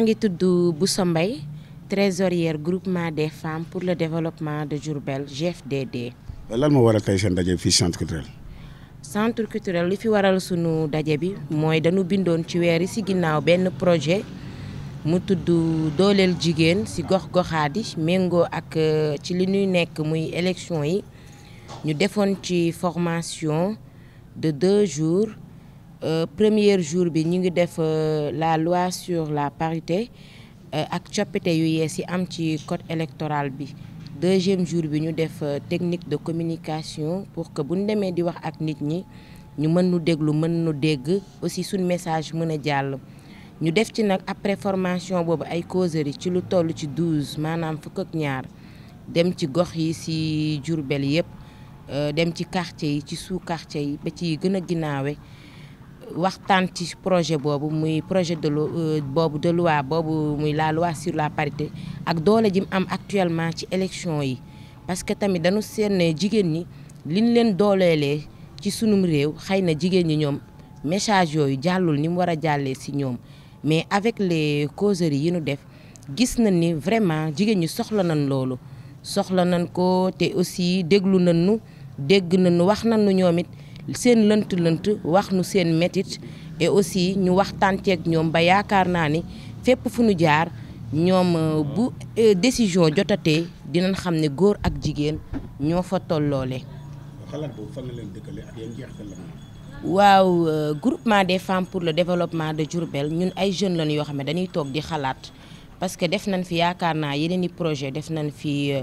maa ngi tudd trésorière groupement des femmes pour le développement de Diourbel GFDD. Euh, lan moo wara tay sen dajé fi centre culturel. centre culturel li fi waral suñu dajé bi moy dañu bindoon ci wéri ci si ben projet mu tudd dolel jigen, si gox-goxaadi méngoo ak euh, ci li ñuy nekk muy élection yi ñu defoon ci formation de deux jours. Euh, premier jour bi ñu ngi euh, la loi sur la parité euh, ak yu am ci code électoral bi deuxième jour bi ñu def technique de communication pour que bu nous di wax ak nit ñi ñu nous nu déglu mën aussi suñu message mëna Nous ñu def après formation nous ay causerie ci lu tollu ci 12 manam fukk ak ñaar dem ci gox yi si Diourbel yëpp dem ci quartier yi ci sous quartier yi ba ci waxtaan ci projet boobu muy projet de euh, boobu de loi boobu muy la loi sur la parité ak doole ji am actuellement ci élection yi parce que tamit dañu seet ne jigéen ñi liñ leen dooleelee ci sunum réew xëy na jigéen ñi ñoom message yooyu jàllul ni mu war a jàllee si ñoom mais avec les causeries yi ñu def gis nañ ni vraiment jigéen ñi soxla nañ loolu soxla nañ ko te aussi déglu nañ nu dégg nañ nu wax nañ nu ñoom it seen leunt leunt wax nu seen métit et aussi ñu waxtante ak ñom ba yaakaar naa ni fu ñu jaar ñom euh, bu euh, décision jotaté dinañ xamné goor ak jigen ñoo fa tolloole. xalaat boobu fan leen dëkkale ak yan jeexital la waaw euh, groupement des femmes pour le développement de Djourbel ñun ay jeunes lañu yo xamné dañuy tok di xalat parce que def nañ fi yaakaar naa yeneen projet def nañ fi.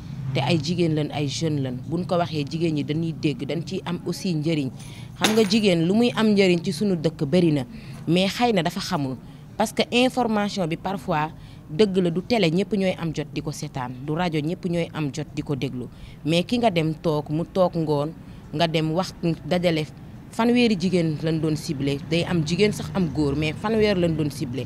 te ay jigéen lañ ay jeunes lañ buñ ko waxee jigéen ñi dañuy dégg dañ ciy am aussi njëriñ xam nga jigéen lu muy am njëriñ ci suñu dëkk bëri na mais xëy na dafa xamul parce que information bi parfois dëgg la du télé ñëpp ñooy am jot di ko seetaan du rajo ñëpp ñooy am jot di ko déglu mais ki nga dem toog mu toog ngoon nga dem wax dajale fanweeri jigéen lañ doon ciblé day am jigéen sax am góor mais fanweer lañ doon ciblé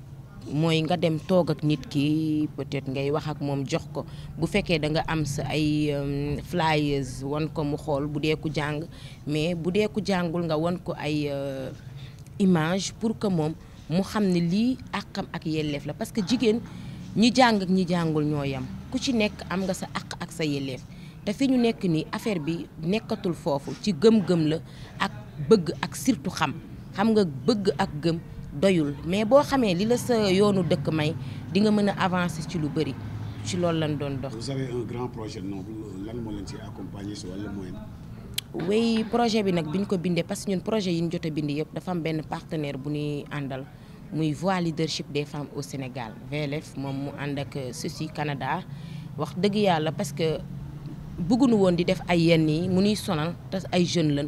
mooy nga dem toog ak nit ki peut-être ngay wax ak moom jox ko bu fekkee da nga am sa ay um, flyers wan ko mu xool bu dee ku jàng mais bu dee ku jàngul nga wan ko ay uh, image pour que moom mu xam ne lii àqam ak yelleef la parce que jigéen ñi jàng ak ñi jàngul ñoo yam ku ci nekk am nga sa àq ak sa yelleef te fi ñu nekk nii affaire bi nekkatul foofu ci gëm-gëm la ak bëgg ak surtout xam xam nga bëgg ak gëm doyul mais bo xamé li la sa yoonu dëkk may di nga mëna avancer ci lu bëri ci loolu lañ doon dox. vous avez un grand projet non lan mo leen ci accompagner ci wala moyen. oui projet bi nak bi ko bindé parce que ñun projet yi ñu jotté bindé bind yëpp dafa am benn partenaire bu ñuy andal muy voix leadership des femmes au Sénégal VLF mom mu and ak ceci Canada wax dëgg yalla parce que bëggunu won di def ay yenn yi mu ñuy sonal te ay jeunes lañ.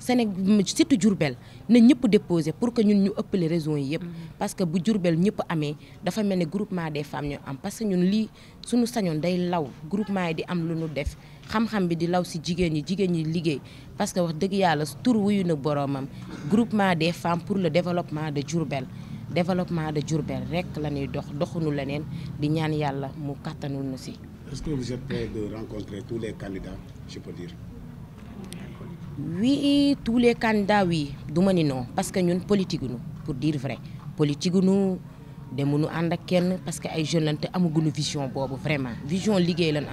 Séné surtout Djourbel, na ñëpp déposé pour que ñun ñu ëppale raison yi yëpp. Mm-hmm. parce que bu Djourbel ñëpp amé, dafa mel ne groupement des femmes ñu am parce que ñun lii suñu sañoon day law groupement yi di am lu ñu def xam-xam bi di law si jigéen ñi jigéen ñi liggéey parce que wax dëgg yàlla tur wuyu na groupement des femmes pour le développement de Djourbel. développement de Djourbel, rek la ñuy dox doxunu lenen di ñaan yàlla mu katanul na si. est-ce que vous êtes prêt de rencontrer tous les candidats je peux dire. Oui, tous les candidats, oui. non, parce que nous politique nous, pour dire vrai. Politique nous, sommes ànd ak parce que les jeunes lañ une vision vraiment vision liggéey am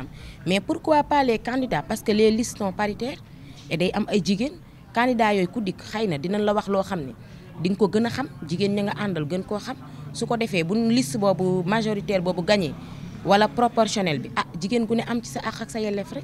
mais pourquoi pas les candidats parce que les listes sont paritaires et day am ay candidats qui ont dikk xëy dinañ la wax lo xam ne ko gëna xam jigen ñinga andal gën qu'on xam su ko liste bobu majoritaire bobu gagné wala proportionnel bi ah jigen gu am ci sa ak sa rek.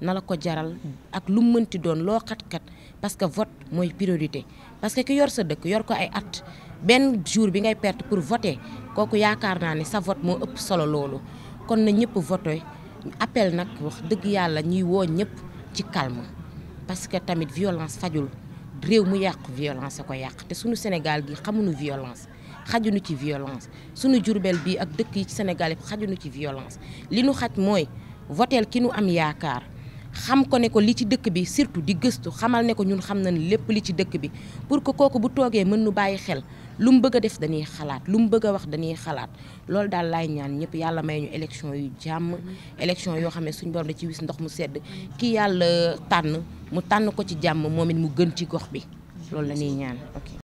na ko jaral ak lu mu mënti doon lo xat kat parce que vote moy priorité parce que ki yor sa deuk yor ko ay at ben jour bi ngay perte pour voter kooku yaakaar ni ne sa vote mo ëpp solo loolu kon na ñepp vote appel nak wax deug yalla ñuy wo ñepp ci calme parce que tamit violence fajul réew mu yàqu violence ko yàq te suñu Sénégal gi xamuñu violence xajuñu ci violence suñu Jurbel bi ak dëkk yi ci Sénégal yi xajuñu ci violence li nu xaj mooy votel ki nu am yaakaar xam ko ne ko li ci dëkk bi surtout di gëstu xamal ne ko ñun xam nañ lépp li ci dëkk bi pour que kooku bu toogee mën nu bàyyi xel lu mu bëgg def dañuy xalaat lu mu bëgg a wax dañuy xalaat loolu daal laay ñaan ñëpp yàlla may ñu élection yu jàmm élection yoo xam ne suñ borom da ci wis ndox mu sedd kii yàlla tànn mu tànn ko ci jàmm moom it mu gën ci gox bi loolu la ñaan